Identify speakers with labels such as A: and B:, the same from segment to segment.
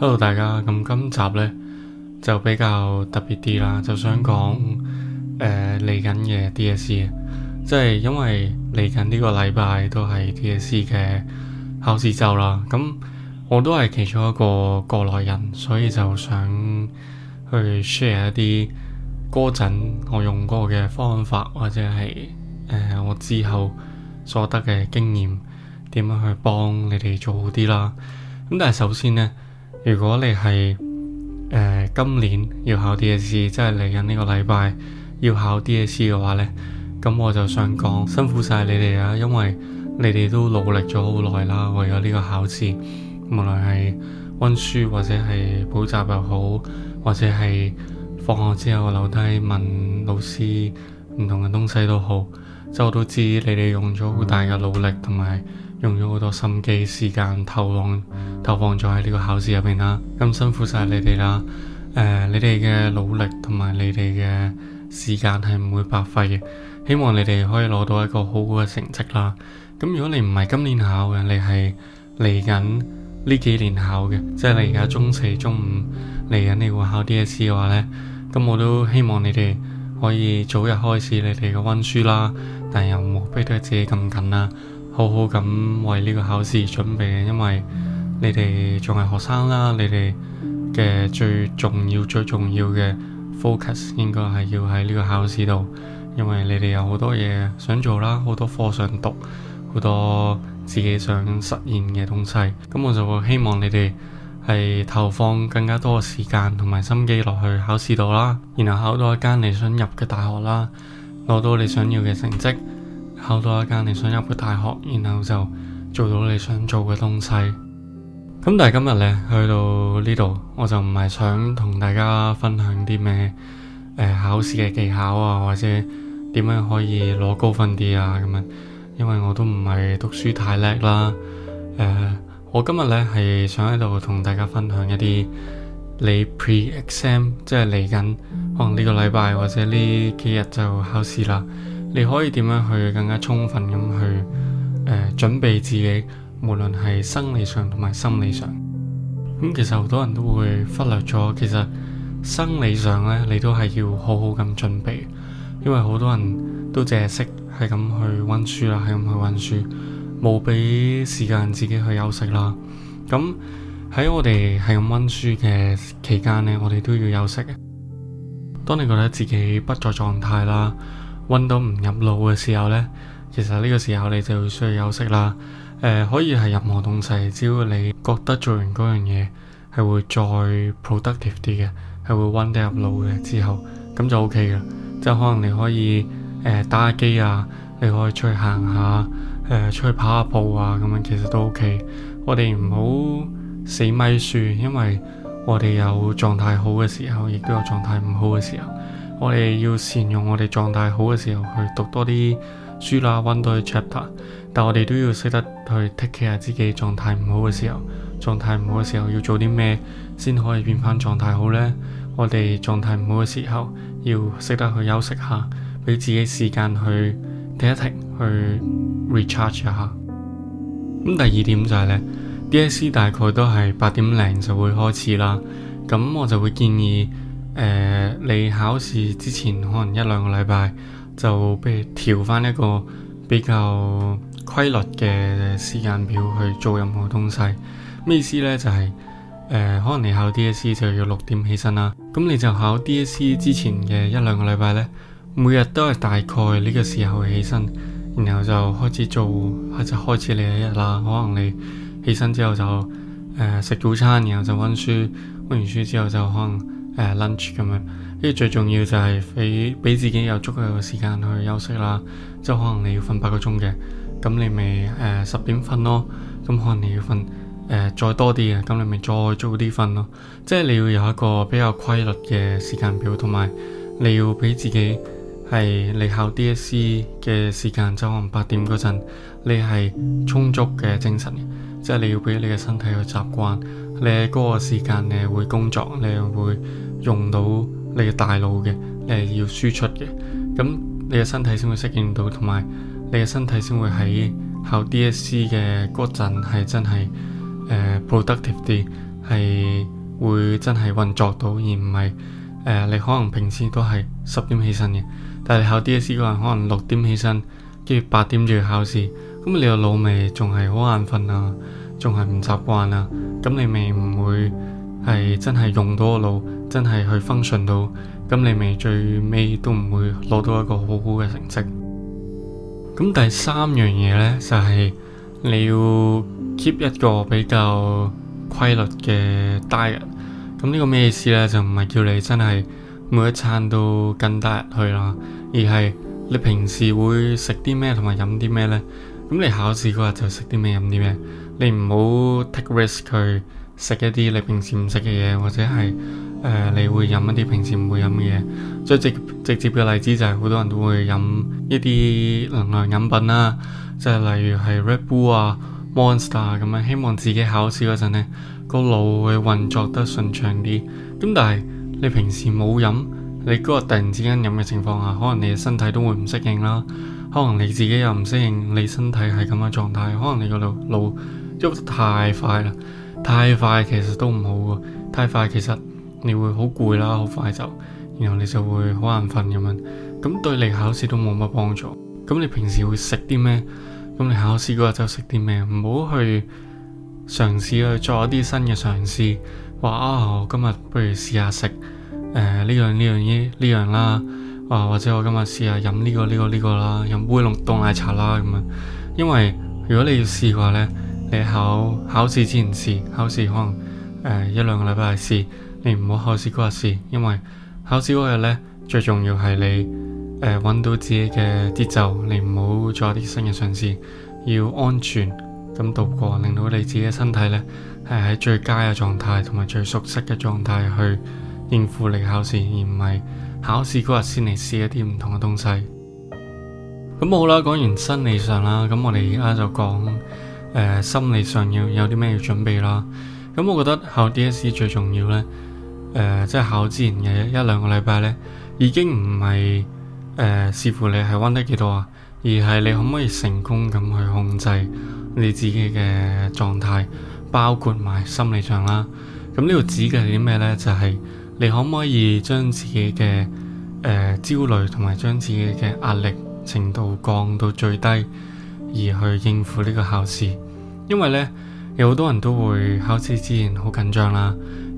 A: Hello 大家，咁今集呢就比較特別啲啦，就想講嚟緊嘅 DSE，即係因為嚟緊呢個禮拜都係 DSE 嘅考試周啦。咁我都係其中一個過來人，所以就想去 share 一啲嗰陣我用過嘅方法，或者係我之後所得嘅經驗，點樣去幫你哋做好啲啦。咁但係首先呢。如果你係、呃、今年要考 DSE，即係嚟緊呢個禮拜要考 DSE 嘅話呢，咁我就想講辛苦晒你哋啊，因為你哋都努力咗好耐啦，為咗呢個考試，無論係溫書或者係補習又好，或者係放學之後留低問老師唔同嘅東西都好。就都知你哋用咗好大嘅努力，同埋用咗好多心機、時間、投放、投放咗喺呢個考試入邊啦。咁辛苦晒你哋啦，誒、呃，你哋嘅努力同埋你哋嘅時間係唔會白費嘅。希望你哋可以攞到一個好嘅成績啦。咁如果你唔係今年考嘅，你係嚟緊呢幾年考嘅，即係你而家中四、中五嚟緊你，你會考 DSE 嘅話呢，咁我都希望你哋。可以早日開始你哋嘅溫書啦，但又唔好迫得自己咁緊啦，好好咁為呢個考試準備，因為你哋仲係學生啦，你哋嘅最重要最重要嘅 focus 應該係要喺呢個考試度，因為你哋有好多嘢想做啦，好多科想讀，好多自己想實現嘅東西，咁我就會希望你哋。係投放更加多嘅時間同埋心機落去考試度，啦，然後考到一間你想入嘅大學啦，攞到你想要嘅成績，考到一間你想入嘅大學，然後就做到你想做嘅東西。咁但係今日呢，去到呢度，我就唔係想同大家分享啲咩、呃、考試嘅技巧啊，或者點樣可以攞高分啲啊咁樣，因為我都唔係讀書太叻啦，誒、呃。我今日咧係想喺度同大家分享一啲你 pre exam，即係嚟緊可能呢個禮拜或者呢幾日就考試啦，你可以點樣去更加充分咁去誒、呃、準備自己，無論係生理上同埋心理上。咁、嗯、其實好多人都會忽略咗，其實生理上呢，你都係要好好咁準備，因為好多人都淨係識係咁去溫書啦，係咁去溫書。冇俾時間自己去休息啦。咁喺我哋係温書嘅期間呢，我哋都要休息嘅。當你覺得自己不在狀態啦，温到唔入腦嘅時候呢，其實呢個時候你就需要休息啦。誒、呃，可以係任何東西，只要你覺得做完嗰樣嘢係會再 productive 啲嘅，係會温得入腦嘅之後，咁就 OK 啦。即係可能你可以誒、呃、打下機啊，你可以出去行下，誒、呃、出去跑下步啊，咁樣其實都 OK。我哋唔好死咪書，因為我哋有狀態好嘅時候，亦都有狀態唔好嘅時候。我哋要善用我哋狀態好嘅時候去讀多啲書啦，溫多啲 chapter 啊。但我哋都要識得去 take care 下自己狀態唔好嘅時候。狀態唔好嘅時候要做啲咩先可以變翻狀態好呢？我哋狀態唔好嘅時候要識得去休息下，俾自己時間去。停一停，去 recharge 一下。咁第二點就係咧，DSE 大概都係八點零就會開始啦。咁我就會建議，誒、呃，你考試之前可能一兩個禮拜，就譬如調翻一個比較規律嘅時間表去做任何東西。咩意思呢？就係、是、誒、呃，可能你考 DSE 就要六點起身啦。咁你就考 DSE 之前嘅一兩個禮拜呢。每日都係大概呢個時候起身，然後就開始做，或者開始你一日啦。可能你起身之後就誒食早餐，然後就溫書，溫完書之後就可能誒 lunch 咁樣。跟住最重要就係俾俾自己有足夠嘅時間去休息啦。即係可能你要瞓八個鐘嘅，咁你咪誒十點瞓咯。咁可能你要瞓誒、呃、再多啲嘅，咁你咪再早啲瞓咯。即係你要有一個比較規律嘅時間表，同埋你要俾自己。係你考 DSE 嘅時間，就可能八點嗰陣，你係充足嘅精神，即係你要俾你嘅身體去習慣，你喺嗰個時間你係會工作，你會用到你嘅大腦嘅，你係要輸出嘅，咁你嘅身體先會適應到，同埋你嘅身體先會喺考 DSE 嘅嗰陣係真係誒 productive 啲，係、呃、會真係運作到，而唔係誒你可能平時都係十點起身嘅。但係考 DSE 嗰陣，可能六點起身，跟住八點就要考試，咁你個腦未仲係好眼瞓啊，仲係唔習慣啊，咁你未唔會係真係用到個腦，真係去 function 到，咁你未最尾都唔會攞到一個好好嘅成績。咁第三樣嘢呢，就係你要 keep 一個比較規律嘅 diet。咁呢個咩意思呢？就唔係叫你真係。每一餐都更得入去啦，而係你平時會食啲咩同埋飲啲咩呢？咁你考試嗰日就食啲咩飲啲咩？你唔好 take risk 去食一啲你平時唔食嘅嘢，或者係誒、呃、你會飲一啲平時唔會飲嘅嘢。最直直接嘅例子就係、是、好多人都會飲一啲能量飲品啦、啊，就係、是、例如係 Red Bull 啊、Monster 啊咁樣，希望自己考試嗰陣呢個腦會運作得順暢啲。咁但係，你平時冇飲，你嗰日突然之間飲嘅情況下，可能你嘅身體都會唔適應啦。可能你自己又唔適應，你身體係咁嘅狀態，可能你個腦腦喐得太快啦，太快其實都唔好噶。太快其實你會好攰啦，好快就，然後你就會好眼瞓咁樣，咁對你考試都冇乜幫助。咁你平時會食啲咩？咁你考試嗰日就食啲咩？唔好去嘗試去做一啲新嘅嘗試。話啊，我今日不如試下食誒呢樣呢樣嘢，呢樣啦，啊、呃、或者我今日試下飲呢個呢、這個呢、這個啦，飲杯龍凍奶茶啦咁樣。因為如果你要試嘅話呢，你考考試之前試，考試可能誒、呃、一兩個禮拜嚟試，你唔好考試嗰日試，因為考試嗰日呢，最重要係你誒搵、呃、到自己嘅節奏，你唔好做啲新嘅嘗試，要安全。咁度過，令到你自己嘅身體呢，係、啊、喺最佳嘅狀態，同埋最熟悉嘅狀態去應付你考試，而唔係考試嗰日先嚟試一啲唔同嘅東西。咁 好啦，講完生理上啦，咁我哋而家就講、呃、心理上要有啲咩要準備啦。咁我覺得考 DSE 最重要呢，即、呃、係、就是、考之前嘅一兩個禮拜呢，已經唔係誒視乎你係溫得幾多啊，而係你可唔可以成功咁去控制，你自己嘅狀態，包括埋心理上啦。咁呢度指嘅係啲咩呢？就係、是、你可唔可以將自己嘅誒、呃、焦慮同埋將自己嘅壓力程度降到最低，而去應付呢個考試。因為呢，有好多人都會考試之前好緊張啦，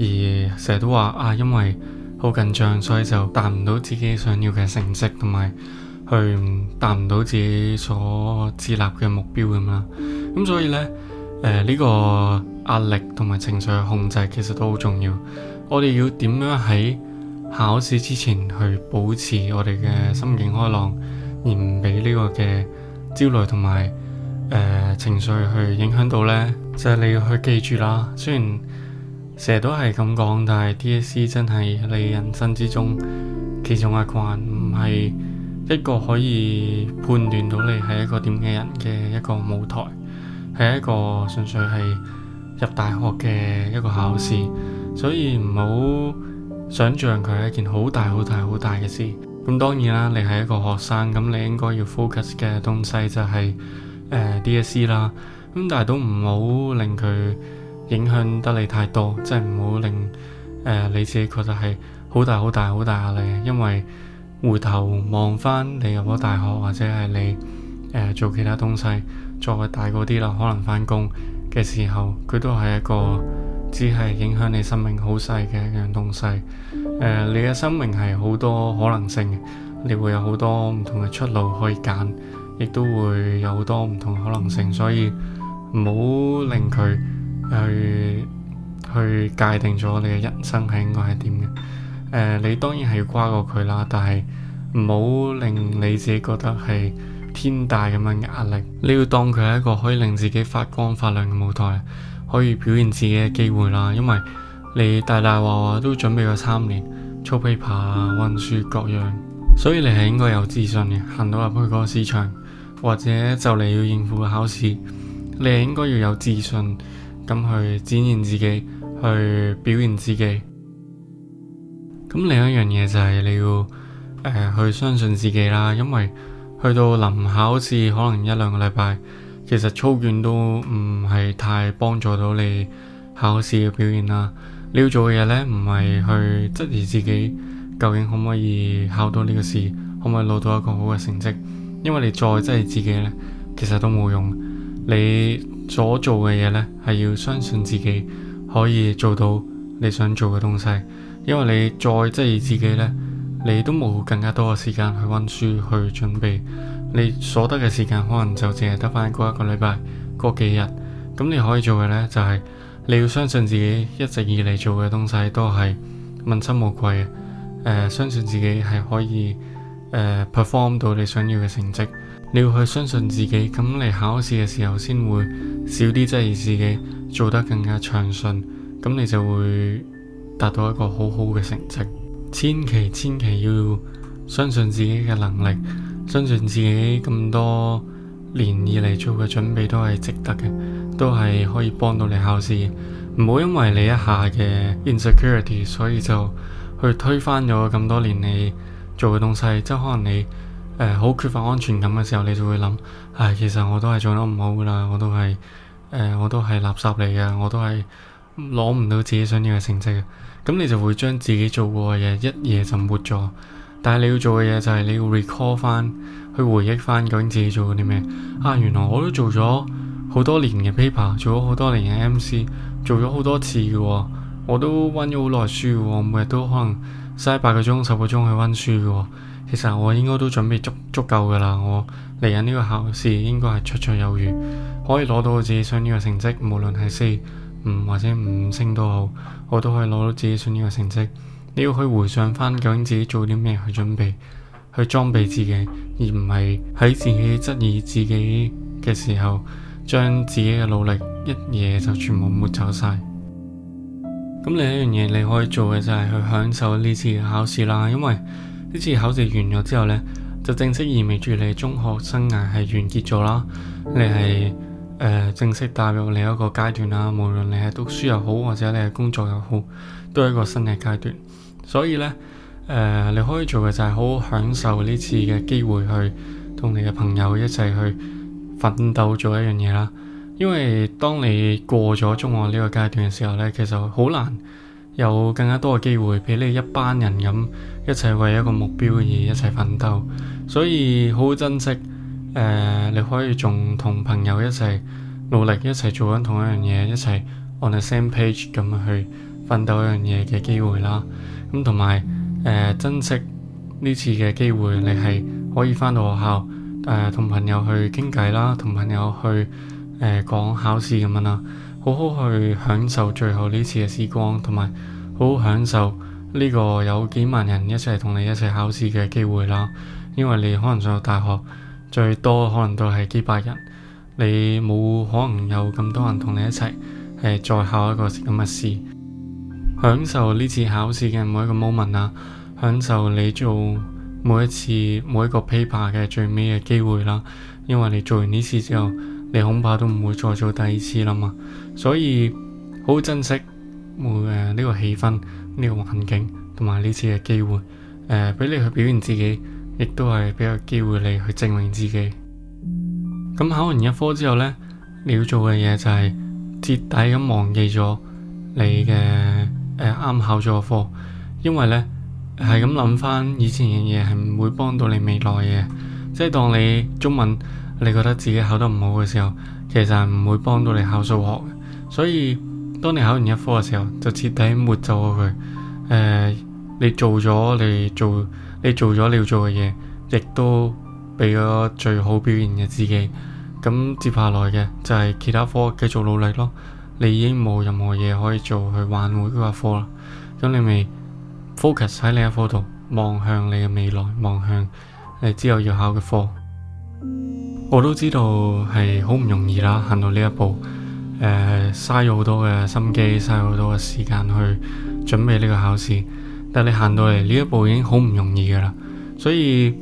A: 而成日都話啊，因為好緊張，所以就達唔到自己想要嘅成績同埋。去達唔到自己所自立嘅目標咁啦，咁所以呢，誒呢個壓力同埋情緒控制其實都好重要。我哋要點樣喺考試之前去保持我哋嘅心境開朗，而唔俾呢個嘅焦慮同埋誒情緒去影響到呢？就係你要去記住啦。雖然成日都係咁講，但係 DSE 真係你人生之中其中一關，唔係，一個可以判斷到你係一個點嘅人嘅一個舞台，係一個純粹係入大學嘅一個考試，所以唔好想象佢係一件好大好大好大嘅事。咁當然啦，你係一個學生，咁你應該要 focus 嘅東西就係、是、誒、呃、DSE 啦。咁但係都唔好令佢影響得你太多，即係唔好令誒、呃、你自己覺得係好大好大好大壓力，因為，回頭望返你入咗大學，或者係你誒、呃、做其他東西，再大嗰啲啦，可能返工嘅時候，佢都係一個只係影響你生命好細嘅一樣東西。誒、呃，你嘅生命係好多可能性，你會有好多唔同嘅出路可以揀，亦都會有好多唔同嘅可能性，所以唔好令佢去去界定咗你嘅人生係應該係點嘅。誒、呃，你當然係要跨過佢啦，但係唔好令你自己覺得係天大咁樣嘅壓力。你要當佢係一個可以令自己發光發亮嘅舞台，可以表現自己嘅機會啦。因為你大大話話都準備咗三年，操 past paper、溫書各樣，所以你係應該有自信嘅。行到入去嗰個試場，或者就嚟要應付嘅考試，你係應該要有自信咁去展現自己，去表現自己。咁另一樣嘢就係你要誒、呃、去相信自己啦，因為去到臨考試可能一兩個禮拜，其實操卷都唔係太幫助到你考試嘅表現啦。你要做嘅嘢呢，唔係去質疑自己究竟可唔可以考到呢個試，可唔可以攞到一個好嘅成績？因為你再質疑自己呢，其實都冇用。你所做嘅嘢呢，係要相信自己可以做到你想做嘅東西。因為你再質疑自己呢，你都冇更加多嘅時間去温書去準備，你所得嘅時間可能就淨係得返嗰一個禮拜、嗰幾日。咁你可以做嘅呢，就係、是、你要相信自己一直以嚟做嘅東西都係問心無愧嘅、呃。相信自己係可以誒、呃、perform 到你想要嘅成績。你要去相信自己，咁你考試嘅時候先會少啲質疑自己做得更加暢順。咁你就會，達到一個好好嘅成績，千祈千祈要相信自己嘅能力，相信自己咁多年以嚟做嘅準備都係值得嘅，都係可以幫到你考試。唔好因為你一下嘅 insecurity，所以就去推翻咗咁多年你做嘅東西。即係可能你誒好、呃、缺乏安全感嘅時候，你就會諗，唉，其實我都係做得唔好噶啦，我都係誒我都係垃圾嚟嘅，我都係攞唔到自己想要嘅成績啊！咁你就會將自己做過嘅嘢一夜就抹咗，但係你要做嘅嘢就係你要 recall 翻，去回憶翻究竟自己做過啲咩啊？原來我都做咗好多年嘅 paper，做咗好多年嘅 MC，做咗好多次嘅、哦，我都温咗好耐書的、哦，我每日都可能嘥八個鐘、十個鐘去温書嘅、哦。其實我應該都準備足足夠嘅啦，我嚟緊呢個考試應該係綽綽有餘，可以攞到我自己想要嘅成績，無論係四，五或者五星都好，我都可以攞到自己想要嘅成績。你要去回想翻究竟自己做啲咩去準備，去裝備自己，而唔係喺自己質疑自己嘅時候，將自己嘅努力一夜就全部抹走晒。咁另一樣嘢你可以做嘅就係去享受呢次考試啦，因為呢次考試完咗之後呢，就正式意味住你中學生涯係完結咗啦。你係。呃、正式踏入另一個階段啦。無論你係讀書又好，或者你係工作又好，都係一個新嘅階段。所以呢，誒、呃，你可以做嘅就係好好享受呢次嘅機會，去同你嘅朋友一齊去奮鬥做一樣嘢啦。因為當你過咗中學呢個階段嘅時候呢，其實好難有更加多嘅機會俾你一班人咁一齊為一個目標嘅嘢一齊奮鬥，所以好好珍惜。誒、呃，你可以仲同朋友一齊努力，一齊做緊同一樣嘢，一齊 on the same page 咁去奮鬥一樣嘢嘅機會啦。咁同埋誒，珍惜呢次嘅機會，你係可以翻到學校誒，同、呃、朋友去傾偈啦，同朋友去誒講、呃、考試咁樣啦，好好去享受最後呢次嘅時光，同埋好好享受呢個有幾萬人一齊同你一齊考試嘅機會啦。因為你可能上到大學。最多可能都係幾百人，你冇可能有咁多人同你一齊，誒、呃、再考一個咁嘅試，享受呢次考試嘅每一個 moment 啦，享受你做每一次每一個 paper 嘅最尾嘅機會啦，因為你做完呢次之後，你恐怕都唔會再做第二次啦嘛，所以好珍惜每誒呢個氣氛、呢個環境同埋呢次嘅機會，誒、呃、俾你去表現自己。亦都係俾個機會你去證明自己。咁考完一科之後呢，你要做嘅嘢就係徹底咁忘記咗你嘅啱、呃、考咗嘅科，因為呢係咁諗翻以前嘅嘢係唔會幫到你未來嘅。即係當你中文你覺得自己考得唔好嘅時候，其實係唔會幫到你考數學。所以當你考完一科嘅時候，就徹底抹走咗佢。誒、呃，你做咗你做。你做咗你要做嘅嘢，亦都俾咗最好表現嘅自己。咁接下來嘅就係其他科繼續努力咯。你已經冇任何嘢可以做去挽回呢一科啦。咁你咪 focus 喺呢一科度，望向你嘅未來，望向你之後要考嘅科。我都知道係好唔容易啦，行到呢一步，誒、呃，嘥咗好多嘅心機，嘥咗好多嘅時間去準備呢個考試。但你行到嚟呢一步已經好唔容易噶啦，所以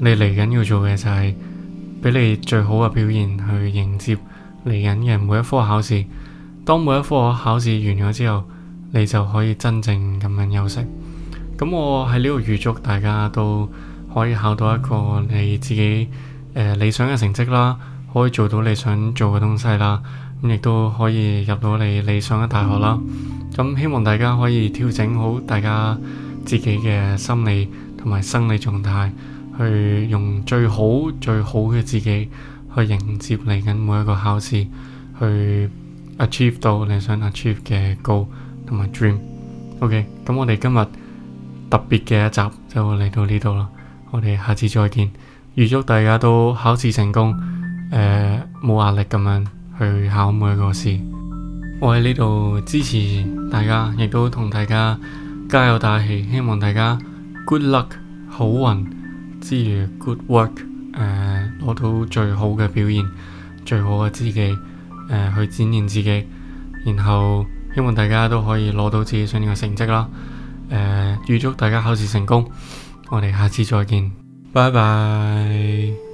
A: 你嚟緊要做嘅就係俾你最好嘅表現去迎接嚟緊嘅每一科考試。當每一科考試完咗之後，你就可以真正咁樣休息。咁我喺呢度預祝大家都可以考到一個你自己誒理想嘅成績啦，可以做到你想做嘅東西啦。亦都可以入到你理想嘅大學啦。咁希望大家可以調整好大家自己嘅心理同埋生理狀態，去用最好最好嘅自己去迎接嚟緊每一個考試，去 achieve 到你想 achieve 嘅 goal 同埋 dream。OK，咁我哋今日特別嘅一集就嚟到呢度啦。我哋下次再見，預祝大家都考試成功，誒冇壓力咁樣。去考每一個試，我喺呢度支持大家，亦都同大家加油打氣，希望大家 good luck，好運之餘 good work，誒、呃、攞到最好嘅表現，最好嘅自己，誒、呃、去展現自己，然後希望大家都可以攞到自己想要嘅成績啦，誒、呃、預祝大家考試成功，我哋下次再見，拜拜。